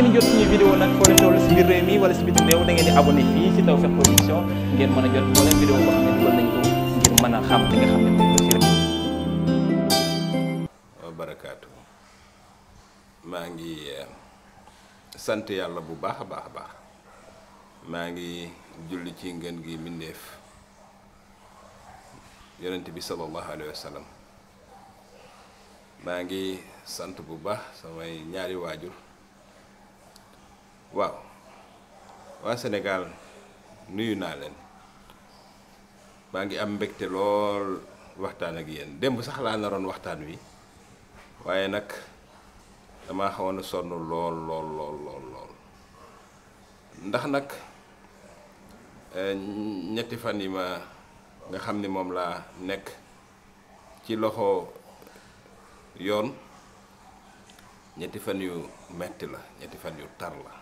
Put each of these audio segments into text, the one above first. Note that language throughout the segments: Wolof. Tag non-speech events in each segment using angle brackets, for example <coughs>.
ngeen jot suñu vidéo nag foo leen toll si biir ngeen mën a jot moo leen vidéo boo ko ngir mën a xam li nga barakaatu maa ngi eh, sant yàlla bu baax a baax a baax maa ngi julli ci ngën gi mbindeef yonent bi sallallahu alayhi wa maa ngi sant bu baax samay ñaari waajur. waaw waa Sénégal nuyu naa leen maa ngi am mbégte lool waxtaan ak yéen démb sax laa naroon waxtaan wi waaye nag dama xawoon a sonn lool lool lool lool ndax nag eh, ñetti fan yi ma nga xam ni moom laa nekk ci loxo yoon ñetti fan yu metti la ñetti fan yu tar la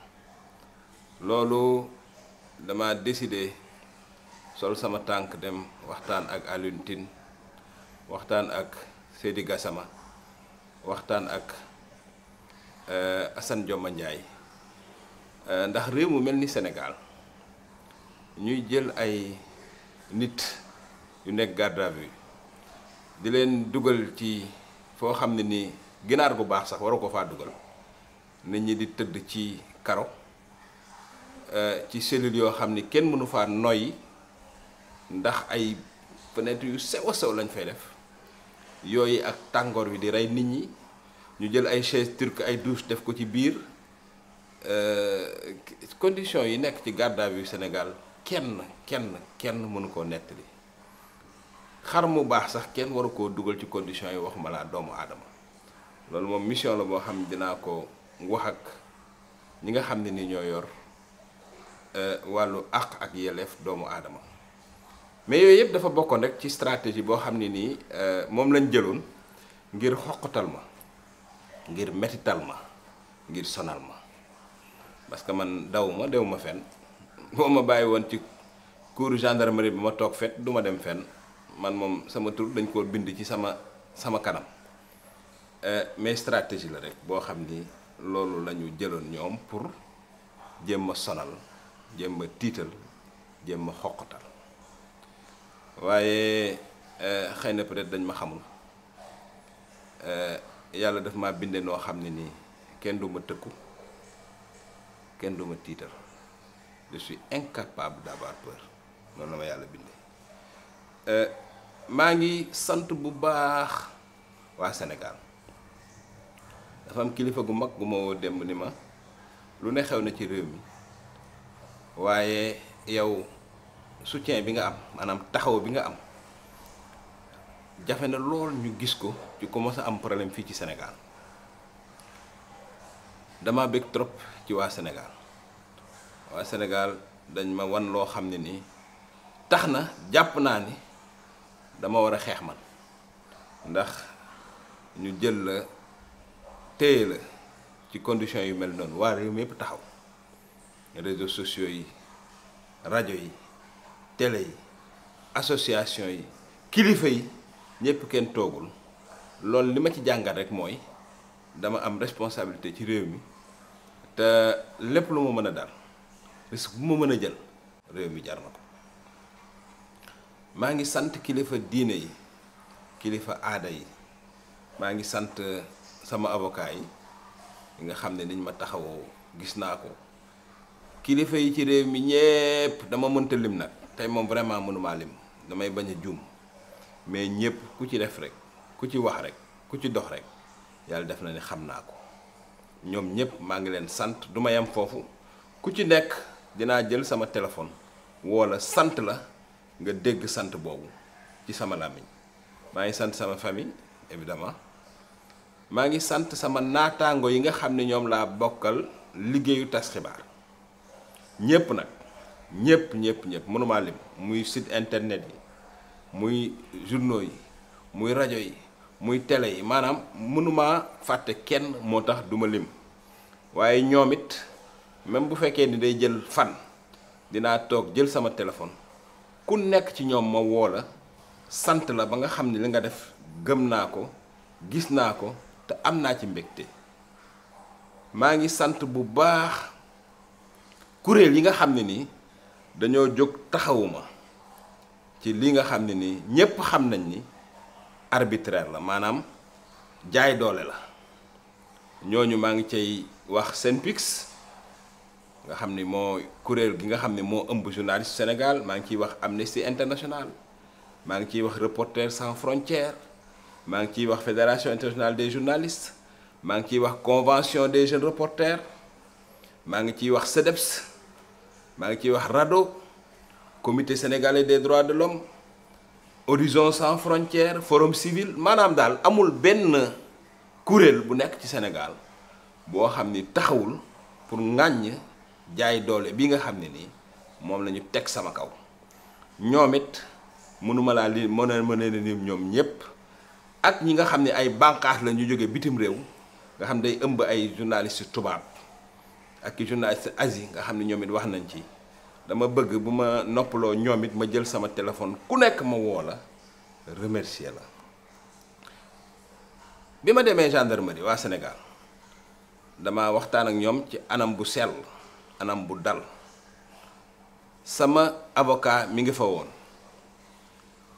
loolu dama décidé sol sama tànk dem waxtaan ak Alioune waxtaan ak Seydi gasama waxtaan ak euh, Assane Dioma Ndiaye euh, ndax réew mu mel ni senegaal ñuy jël ay nit yu nekk garde à di leen dugal ci foo xam ne ni ginaar gu baax sax waru ko faa dugal nit ñi di tëdd ci karo Euh, ci cellules yoo xam ni kenn mënu faa noyyi ndax ay fenêtre yu sew a sew lañ fay def yooyu ak tàngoor bi di rey nit ñi ñu jël ay chaise turque ay douche def ko ci biir euh, conditions yi nekk ci garde à vue kenn kenn kenn mënu koo nettali xar mu baax sax kenn waru koo dugal ci conditions yi waxuma laa doomu aadama loolu moom mission la boo xam ne dinaa ko wax ak ñi nga xam ne ni ñoo yor. Euh, wàllu àq ak yelleef doomu aadama mais yooyu yëpp dafa bokkoon rek ci stratégie boo xam ne nii euh, moom lañ jëloon ngir xoqatal ma ngir metital ma ngir sonal ma parce que man daw ma dew ma fenn <laughs> boo ma bàyyi woon ci cour gendarmerie bi ma toog fet du ma dem fenn man moom sama tur dañ koo bind ci sama sama kanam euh, mais stratégie la rek boo xam ni loolu lañu jëloon ñoom pour jéem ma sonal jéem tiital jéem a waaye eh, xëy na peut-être dañ ma xamul eh, yàlla daf ma binde noo xam ne nii kenn du ma tëkku kenn du ma tiital je suis incapable d'avoir peur noonu la ma yàlla binde eh, maa ngi sant bu baax waa Sénégal dafa am kilifa gu mag gu ma woo démb ni ma lu ne xew na ci réew mi waaye yow soutien bi nga am maanaam taxaw bi nga am jafe na lool ñu gis ko ci commencé am problème fii ci senegal dama bëgg trop ci waa senegal waa senegal dañ ma wan loo xam ne nii tax na jàpp naa ni dama war a xeex man ndax ñu jël la téye la ci condition yu mel noonu waa réew mi yëpp taxaw réseaux sociaux yi rajo yi télé yi association yi kilifa yi ñëpp kenn toogul loolu li ma ci jàngat rek mooy dama am responsabilité ci réew mi te lépp lu ma mën a dal risque bu ma mën a jël réew mi jar na ko maa ngi sant kilifa diine yi kilifa aada yi maa ngi sant sama avocat yi nga xam ne niñ ma taxawoo gis naa ko kilifa yi ci réew mi ñépp dama mënta lim nag tey moom vraiment mënumaa lim damay bañ a juum mais ñépp ku ci def rek ku ci wax rek ku ci dox rek yàlla def na ni xam naa ko ñoom ñépp maa ngi leen sant du ma yem foofu ku ci nekk dinaa jël sama téléphone woo sant la nga dégg sant boobu ci sama làmmiñ maa ngi sant sama famille évidemment maa ngi sant sama naataango yi nga xam ne ñoom laa bokkal liggéeyu tas xibaar ñëpp nag ñëpp ñëpp ñëpp mënumaa lim muy site internet yi muy journaux yi muy rajo yi muy tele yi maanaam mënumaa fàtte kenn moo tax duma lim waaye ñoom it même bu fekkee ni day jël fan dinaa toog jël sama téléphone ku nekk ci ñoom ma woola sant la ba nga xam ne li nga def gëm naa ko gis naa ko te am naa ci mbégte maa ngi sant bu baax kuréel yi nga xam ne nii dañoo jóg taxawuma ci lii nga xam ne ni ñépp xam nañ ni arbitraire la maanaam jaay doole la ñooñu maa ngi cay wax SYNPICS nga xam ni moo kuréel gi nga xam ne moo ëmb journaliste Sénégal maa ngi ciy wax Amnesty internationale maa ngi ciy wax Reporters sans frontières maa ngi ciy wax Fédération internationale des journalistes maa ngi ciy wax Convention des jeunes reporters maa ngi ciy wax CEDEPS maa ngi ciy wax RADDHO comité sénégalais des droits de l'homme horizon sans frontières forum civil maanaam daal amul benn kuréel bu nekk ci Sénégal boo xam ni taxawul pour ŋàññ jaay doole bi nga xam ne ni moom la ñu teg sama kaw ñoom it mënuma laa li mën a mën a nii ñoom ñëpp ak ñi nga xam ni ay bànqaas la ñu jóge bitim réew nga xam day ëmb ay journalistes tubaab ak journaliste Asie nga xam ne ñoom it wax nañ ci dama bëgg bu ma noppaloo ñoom it ma jël sama téléphone ku nekk ma woo la remercier la bi ma demee gendarmerie waa senegal dama waxtaan ak ñoom ci anam bu sell anam bu dal sama avocat mi ngi fa woon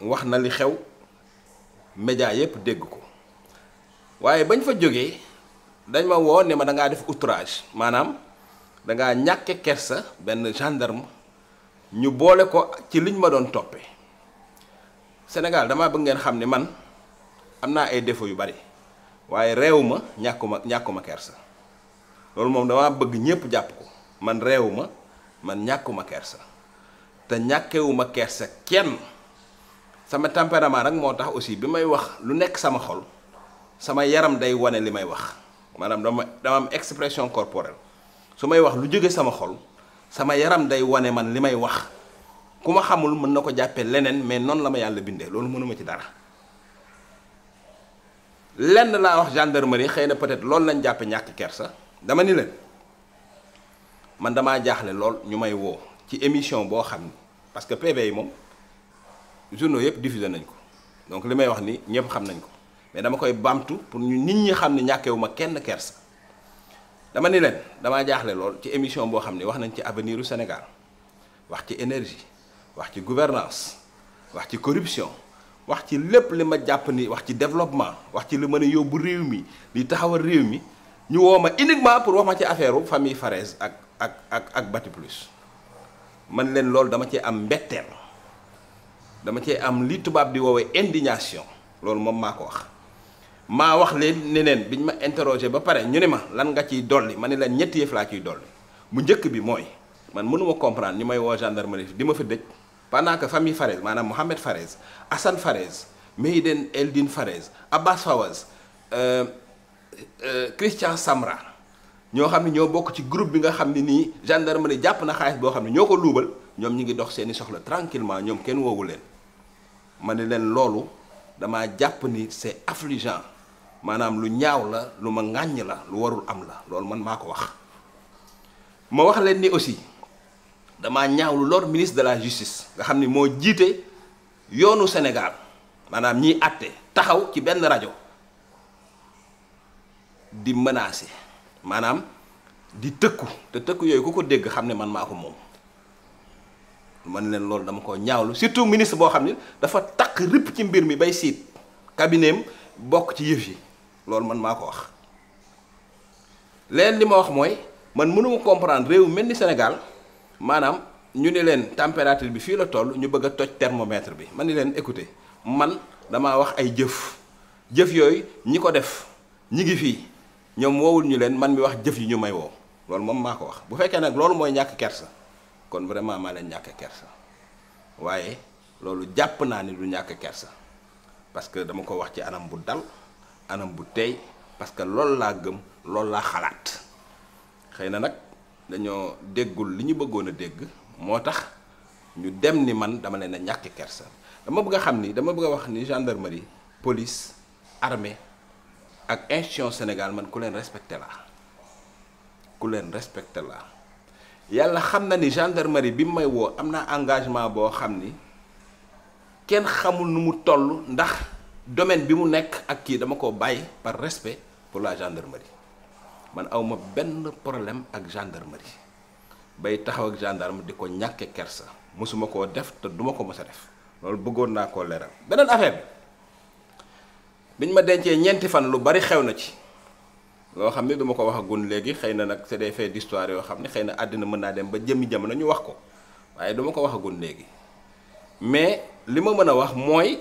wax na li xew média yépp dégg ko waaye bañ fa jógee dañ ma woo ne ma dangaa def outrage maanaam da ngaa ñàkke kersa benn gendarme ñu boole ko ci liñ ma doon toppe Sénégal damaa bëgg ngeen xam ni man am naa ay défauts yu bari waaye réew ma ñàkkuma ñàkkuma kersa loolu moom dama bëgg ñépp jàpp ko man réew ma man ñàkkuma kersa te ñàkkewuma kersa kenn sama tempérament rek moo tax aussi bi may wax lu nekk sama xol sama yaram day wane li may wax maanaam dama dama am expression corporelle su may wax lu jóge sama xol sama yaram day wane man li may wax ku ma xamul mën na ko jàppee leneen mais noonu la ma yàlla bindee loolu mënuma ci dara lenn laa wax gendarmerie xëy na peut-être loolu lañ jàppe ñàkk kersa dama ni leen man damaa jaaxle lool ñu may woo ci émission boo xam ni parce que PV yi moom journaux yëpp diffusé nañ ko donc li may wax ni ñëpp xam nañ ko mais dama koy bamtu pour ñu nit ñi xam ne ñàkkewuma kenn kersa dama ni leen damaa jaaxle lool ci émission boo xam ne wax nañ ci avenir u Sénégal wax ci énergie wax ci gouvernance wax ci corruption wax ci lépp li ma jàpp ni wax ci developpement wax ci li mën a yóbbu réew mi li taxawal réew mi ñu woo ma uniquement pour wax ma ci affaire u famille Farès ak ak ak ak Bati Plus man leen loolu dama ci am mbetteel dama cee am li tubaab di woowee indignation loolu moom maa ko wax maa wax leen ne leen biñ ma interrogé ba pare ñu ne ma lan nga ciy dolli ma ne leen ñetti yëf laa ciy dolli bu njëkk bi mooy man mënuma comprendre ñu may woo gendarmerie di ma fa dëj pendant que famille Farès maanaam Mohamed Farès Hassan Farès Mehiden Eldin Farès Abbas Fawaz euh, euh, Christian Samra ñoo xam ne ñoo bokk ci groupe bi nga xam ne nii gendarmerie jàpp na xaalis boo xam ne ñoo ko luubal ñoom ñi ngi dox seeni soxla tranquillement ñoom kenn woowu leen ne leen loolu damaa jàpp ni c'est affligeant maanaam lu ñaaw la lu ma ŋàññ la lu warul am la loolu man maa ko wax ma wax leen ni aussi damaa ñaawlu lor ministre de la justice nga xam ni moo jiite yoonu Sénégal maanaam ñiy àtte taxaw ci benn rajo di menacer maanaam di tëkku te tëkku yooyu ku ko dégg xam ne man maa ko moom man leen loolu dama ko ñaawlu surtout ministre boo xam ne dafa takk ripp ci mbir mi bay siit cabinet bokk ci yëf yi loolu man maa ko wax leen li ma wax mooy man mënuma comprendre réew mel ni Sénégal maanaam ñu ne leen température bi fii la tool ñu bëgg a toj thermomètre bi man ni leen écoutez man damaa wax ay jëf jëf yooyu ñi ko def ñi ngi fii ñoom woowul ñu leen man mi wax jëf yu ñu may wow loolu moom maa ko wax bu fekkee nag loolu mooy ñàkk kersa kon vraiment maa leen ñàkk kersa waaye loolu jàpp naa ni du ñàkk kersa parce que dama ko wax ci anam bu dal anam bu tey parce que loolu laa gëm loolu laa xalaat xëy na nag dañoo déggul li ñu bëggoon a dégg moo tax ñu dem ni man dama leen a ñàkk kersa dama bëgg a xam ni dama bëgg a wax ni gendarmerie police armée ak institution Sénégal man ku leen respecté laa ku leen respecté laa yàlla xam na ni gendarmerie bi mu may woo am naa engagement boo xam ni kenn xamul nu mu toll ndax domaine bi mu nekk ak kii dama ko bàyyi par respect pour la gendarmerie man awma benn problème ak gendarmerie bay taxaw ak gendarme di ko ñàkke kersa mosuma koo def te duma ko mos a def loolu bëggoon naa koo leeral beneen affaire bi biñ ma dencee ñeenti fan lu bari xew na ci loo xam ne duma ko wax a agun léegi xëy na nag c'est des faits d'histoire yoo xam ne xëy na àddina mën naa dem ba jëmmi jamono ñu wax ko waaye duma ko wax agun léegi mais li ma mën a wax mooy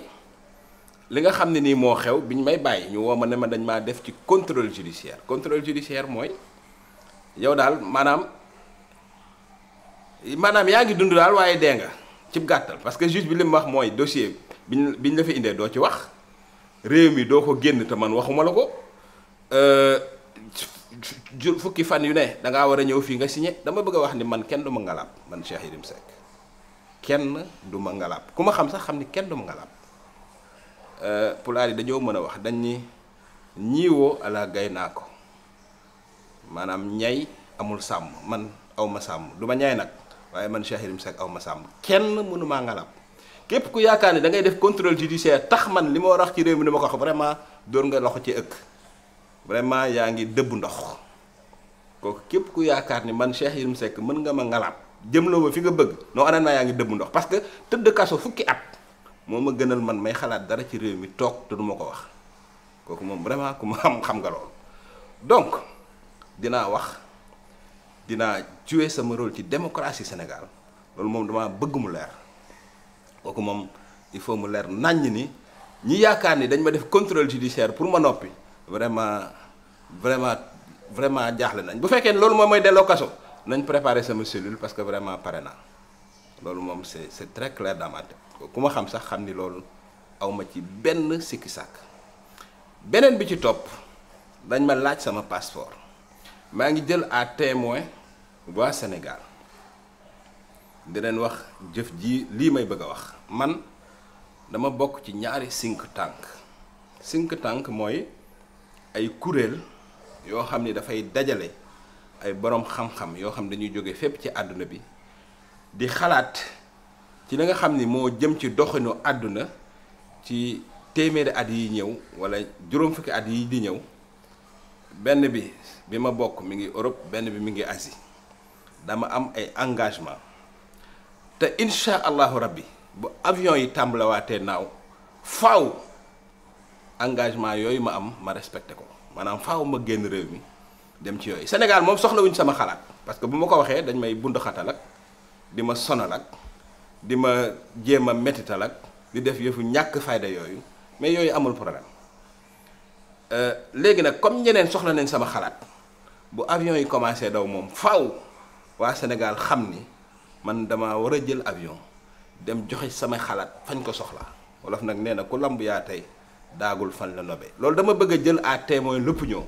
li nga xam ne nii moo xew bi ñu may bàyyi ñu woo ma ne ma dañ maa def ci contrôle judiciaire contrôle judiciaire mooy yow daal maanaam maanaam yaa ngi dund daal waaye dee nga cib gàttal parce que juge bi li wax mooy dossier bi biñ la fi indee doo ci wax réew mi doo ko génn te man waxuma la ko euh, jur fukki fan yu ne da war a ñëw fii nga signé dama bëgg a wax ni man kenn du ma ngalaab man Cheikh Yérim Seck kenn du ma ngalaab ku ma xam sax xam ni kenn du ma ngalaab Euh, pulaar yi dañoo mën a wax dañ ni ñiiwoo ala gay naa ko maanaam ñay amul sàmm man aw ma sàmm du ma ñaay nag waaye man Cheikh Yérim Seck aw ma sàmm kenn mënu maa ngalab képp ku yaakaar ni da ngay def contrôle judiciaire tax man li ma war a ci réew mi ni ma ko wax vraiment dóor nga loxo ci ëkk vraiment yaa ngi dëbb ndox kooku képp ku yaakaar ni man Cheikh Yérim Seck mën nga ma ngalab jëm loo ma fi nga bëgg non honnêtement yaa ngi dëbb ndox parce que tëdd kaso fukki at. moo ma gënal man may xalaat dara ci réew mi toog te ma ko wax kooku moom vraiment ku ma xam xam nga loolu donc dinaa wax dinaa jouer sama role ci démocratie Sénégal loolu moom dama bëgg mu leer kooku moom il faut mu leer naññ ni ñi yaakaar ni dañ ma def contrôle judiciaire pour ma noppi vraiment vraiment vraiment jaaxle nañ bu fekkee loolu moom mooy delloo kaso nañ préparer sama cellule parce que vraiment pare naa loolu moom c' est c' est très ku ma xam sax xam ni loolu awma ci benn sikki sàkk beneen bi ci topp dañ ma laaj sama passeport maa ngi jël à témoin waa Sénégal di wax jëf ji lii may bëgg a wax man dama bokk ci ñaari think tànk think tànk mooy ay kuréel yoo xam ni dafay dajale ay boroom xam-xam yoo xam dañuy jóge fépp ci àdduna bi di xalaat ci la nga xam ni moo jëm ci doxinu àdduna ci téeméeri at yi ñëw wala juróom fukki at yi di ñëw benn bi bi ma bokk mi ngi Europe benn bi mi ngi Asie dama am ay engagement te incha allahu rabbi bu avion yi tàmbalawaatee naaw faaw engagement yooyu ma am ma respecté ko maanaam faaw ma génn réew mi dem ci yooyu Sénégal moom soxlawuñ sama xalaat parce que bu ma ko waxee dañ may bund xatal di ma sonal ak di ma jéem a métital ak di def yëfu ñàkk fayda yooyu mais yooyu amul problème euh, léegi nag comme ñeneen soxla nañ sama xalaat bu avion yi commencé daw moom faw waa Sénégal xam ni man dama war a jël avion dem joxe sama xalaat fañ ko soxla wolof nag nee na ku lamb yaa tey daagul fan la nobe loolu dama bëgg a jël à témoin lépp ñëw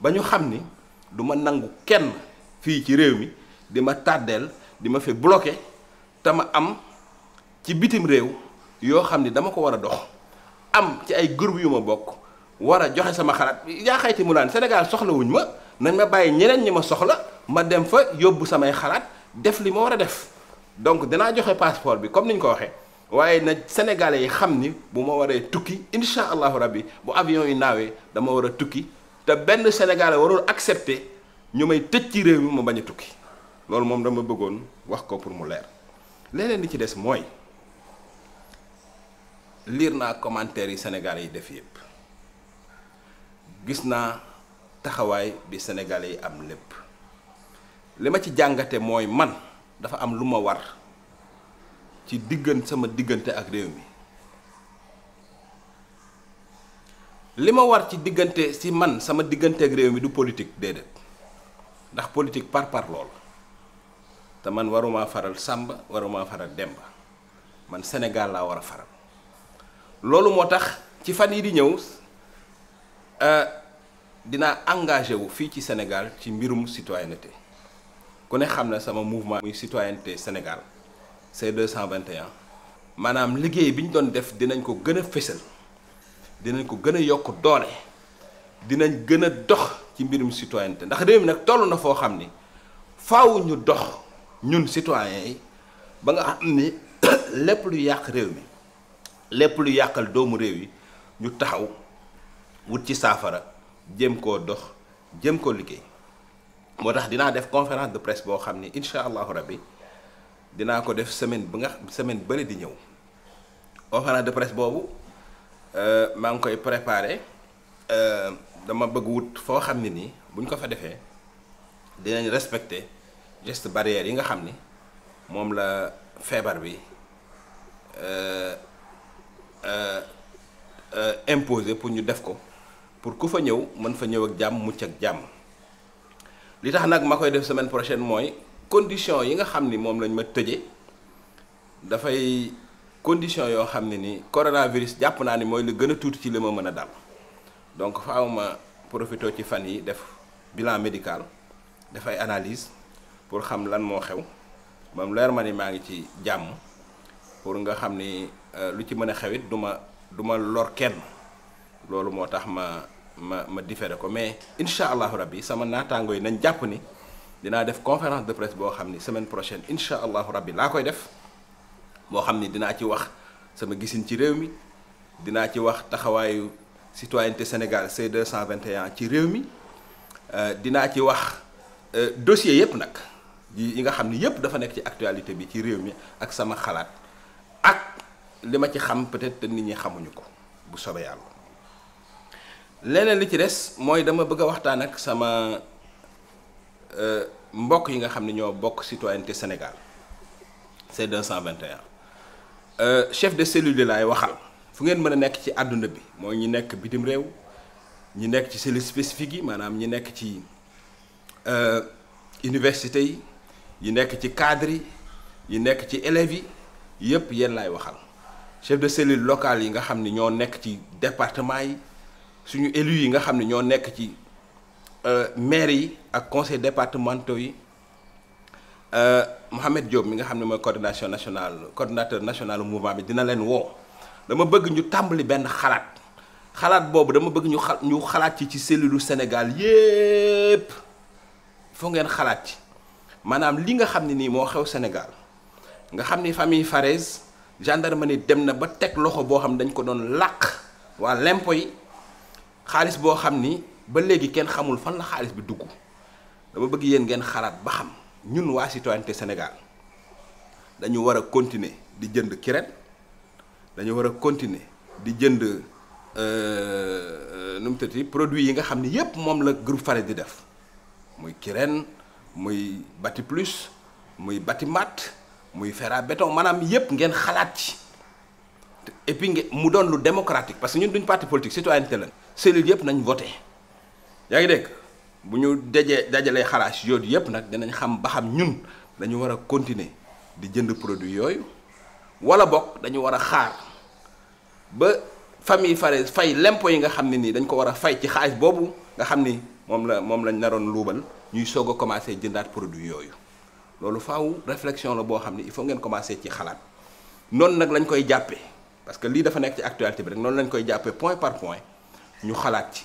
ba ñu xam ni du ma nangu kenn fii ci réew mi di ma tàddeel di ma fi bloqué te ma am ci bitim réew yoo xam ni dama ko war a dox am ci ay groupe yu ma bokk war a joxe sama xalaat yaa xayti mu naan Sénégal soxlawuñ ma nañ ma bàyyi ñeneen ñi ma soxla ma dem fa yóbbu samay xalaat def li ma war a def donc danaa joxe passport bi comme niñ ko waxee waaye na sénégalais yi xam ni bu ma waree tukki incha allahu rabbi bu avion yi naawee dama war a tukki te benn sénégalais warul accepter ñu may tëj ci réew mi ma bañ a tukki. loolu moom dama bëggoon wax ko pour mu leer leneen li ci des mooy liir naa commentaires yi senegal yi def yëpp gis naa taxawaay bi senegal yi am lépp li ma ci jàngate mooy man dafa am lu ma war ci diggante sama diggante ak réew mi li ma war ci diggante si man sama diggante ak réew mi du politique déedéet ndax politique par par lool te man waruma faral Samba waruma faral dem ba man Sénégal laa war a faral loolu moo tax ci fan yi di ñëw euh, dinaa engage wu fii ci Sénégal ci mbirum citoyenneté ku ne xam na sama mouvement muy citoyenneté Sénégal C221 maanaam liggéey bi ñu doon def dinañ ko gën a fésal dinañ ko gën a yokk doole dinañ gën a dox ci mbirum citoyenneté ndax réew mi nag toll na foo xam ni faaw ñu dox ñun citoyens yi ba nga xam ni <coughs> lépp lu yàq réew mi lépp lu yàqal doomu réew yi ñu taxaw wut ci saafara jéem koo dox jëm ko liggéey moo tax dinaa def conférence de presse boo xam ni incha allahu rabbi dinaa ko def semaine ba nga semaine bële di ñëw conférence de presse boobu euh, maa ngi koy préparé euh, dama bëgg wut foo xam ne nii buñ ko fa defee dinañ respecté geste barrière yi nga xam ni moom la feebar bi euh, euh, euh, imposé pour ñu def ko pour ku fa ñëw mën fa ñëw ak jàmm mucc ak jàmm li tax nag ma koy def semaine prochaine mooy condition yi nga xam ni moom lañ ma tëje dafay condition yoo xam ne ni coronavirus jàpp naa ni mooy lu gën a tuuti ci li ma mën a dal donc fa ma profité ci fan yi def bilan médical dafay analyse pour xam lan moo xew moom leer ma ni maa ngi ci jàmm pour nga xam ni euh, lu ci mën a xewit du ma du lor kenn loolu moo tax ma ma ma différé ko mais incha allahu rabbi sama naataango yi nañ jàpp ni dinaa def conférence de presse boo xam ni semaine prochaine incha allahu rabbi laa koy def moo xam ni dinaa ci wax sama gisin ci réew mi dinaa ci wax taxawaayu citoyenneté Sénégal C221 ci réew mi euh, dinaa ci wax euh, dossier yépp nag yi nga xam ni yépp dafa nekk ci actualité bi ci réew mi ak sama xalaat ak li ma ci xam peut-être te nit ñi xamuñu ko bu soobee yàlla leneen li ci des mooy dama bëgg waxtaan ak sama euh, mbokk yi nga xam ne ñoo bokk citoyenneté Sénégal C221 euh, chef de cellule yi laay waxal fu ngeen mën a nekk ci àdduna bi mooy ñi nekk bitim réew ñi nekk ci cellule spécifique yi maanaam ñi nekk ci euh, université yi yi nekk ci cadre yi nekk ci élèves yi yëpp yéen lay waxal chef de cellule locale yi nga xam ni ñoo nekk ci département yi suñu élus yi nga xam ne ñoo nekk ci euh, maire yi ak conseil départementaux yi euh, Mohamed Diop mi nga xam ne mooy coordination nationale ordinateur national mouvement bi dina leen woo dama bëgg ñu tàmbali benn xalaat xalaat boobu dama bëgg ñu xa ñu xalaat ci ci cellule Sénégal yépp foo ngeen xalaat ci maanaam li nga xam ne nii moo xew senegal nga xam ni famille Farès gendarmerie dem na ba teg loxo boo xam dañ ko doon làq waa lempo yi xaalis boo xam ni ba léegi kenn xamul fan la xaalis bi dugg dama bëgg yéen ngeen xalaat ba xam ñun waa citoyenneté senegal dañu war a continuer di jënd kiren dañu war a continuer di jënd euh, nu mu tëdd produit yi nga xam ni yépp moom la groupe Farès di def muy kiren muy bati plus muy bati matt muy fer à béton maanaam yépp ngeen xalaat ci et puis mu doon lu democratique parce que ñun duñ parti politique citoyenneté la cellule yëpp nañ voté yaa ngi dégg bu ñu dajee dajalee xalaat yooyu yëpp nag dinañ xam ba xam ñun dañu war a continuer di jënd produit yooyu wala bokk dañu war a xaar ba famille fare fay lempo yi nga xam ne nii dañ ko war a fay ci xaalis boobu nga xam ni moom la moom lañ naroon luubal ñuy soog a commencé jëndaat produit yooyu loolu faw réflexion la boo xam ne il faut ngeen commencé ci xalaat noonu nag lañ koy jàppee parce que lii dafa nekk ci actualité bi rek noonu lañ koy jàppee point par point ñu xalaat ci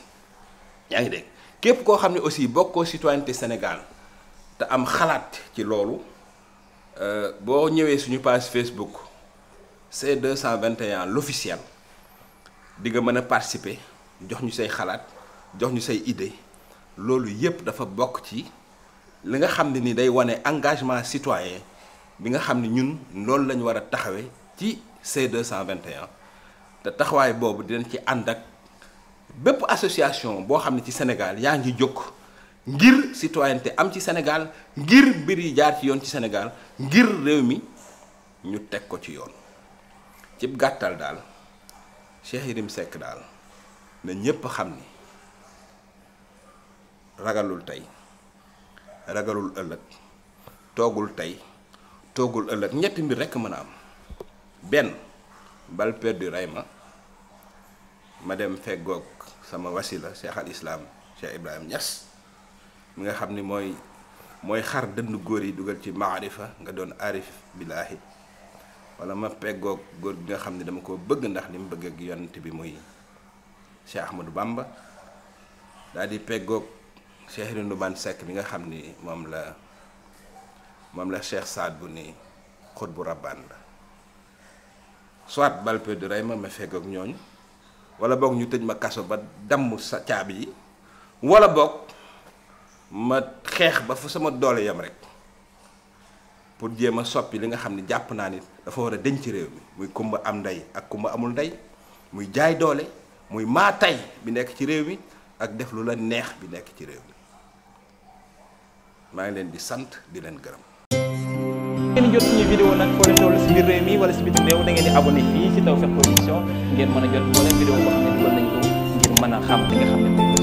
ñaa ngi de képp koo xam ne aussi bokkoo citoyenneté Sénégal te am xalaat ci loolu euh, boo ñëwee suñu page Facebook C221 l'officiel di nga mën a participer jox ñu say xalaat jox ñu say idée loolu yépp dafa bokk ci li nga xam ne ni day wane engagement citoyen bi nga xam ne ñun loolu la ñu war a taxawe ci C221 te taxawaay boobu dinañ ci ànd ak bépp association boo xam ne ci Sénégal yaa ngi jóg ngir citoyenneté am ci Sénégal ngir mbir yi jaar ci yoon ci senegal ngir réew mi ñu teg ko ci yoon cib gàttal daal Cheikh Yérim Seck daal na ñépp xam ni ragalul tey ragalul ëllëg toogul tey toogul ëllëg ñetti mbir rekk mën a am benn bal perdu rey ma ma dem fegook sama wasila cheikh al islam cheikh ibrahim Niass mu nga xam ni mooy mooy xar dënd góor yi dugal ci maarifa nga doon arif billaahi walla ma peggoog góor gi nga xam ne dama ko bëgg ndax lim mu bëgg ak yonent bi muy cheikh ahmadou bamba daal di Cheikh Ndoumane sekk bi nga xam ni moom la moom la Cheikh Saad bu ni xot bu rabbaan la soit balpe du rey ma ma fekk ñooñu wala boog ñu tëj ma kaso ba damm sa caabi yi wala boog ma xeex ba fu sama doole yam rek pour jéem a soppi li nga xam ne jàpp naa ni dafa war a deñ ci réew mi muy kumba am ndey ak kumba amul ndey muy jaay doole muy maa tay bi nekk ci réew mi ak def lu la neex bi nekk ci réew mi maa ngi leen di sant di leen gërëm. ngeen jot suñu vidéo nag foo leen toll si biir réew mi wala si biti réew da ngeen di abonné fii si Tawfekh Production ngeen mën a jot moo leen vidéo boo xam ne dugal nañ ko ngir mën a xam li nga xam ne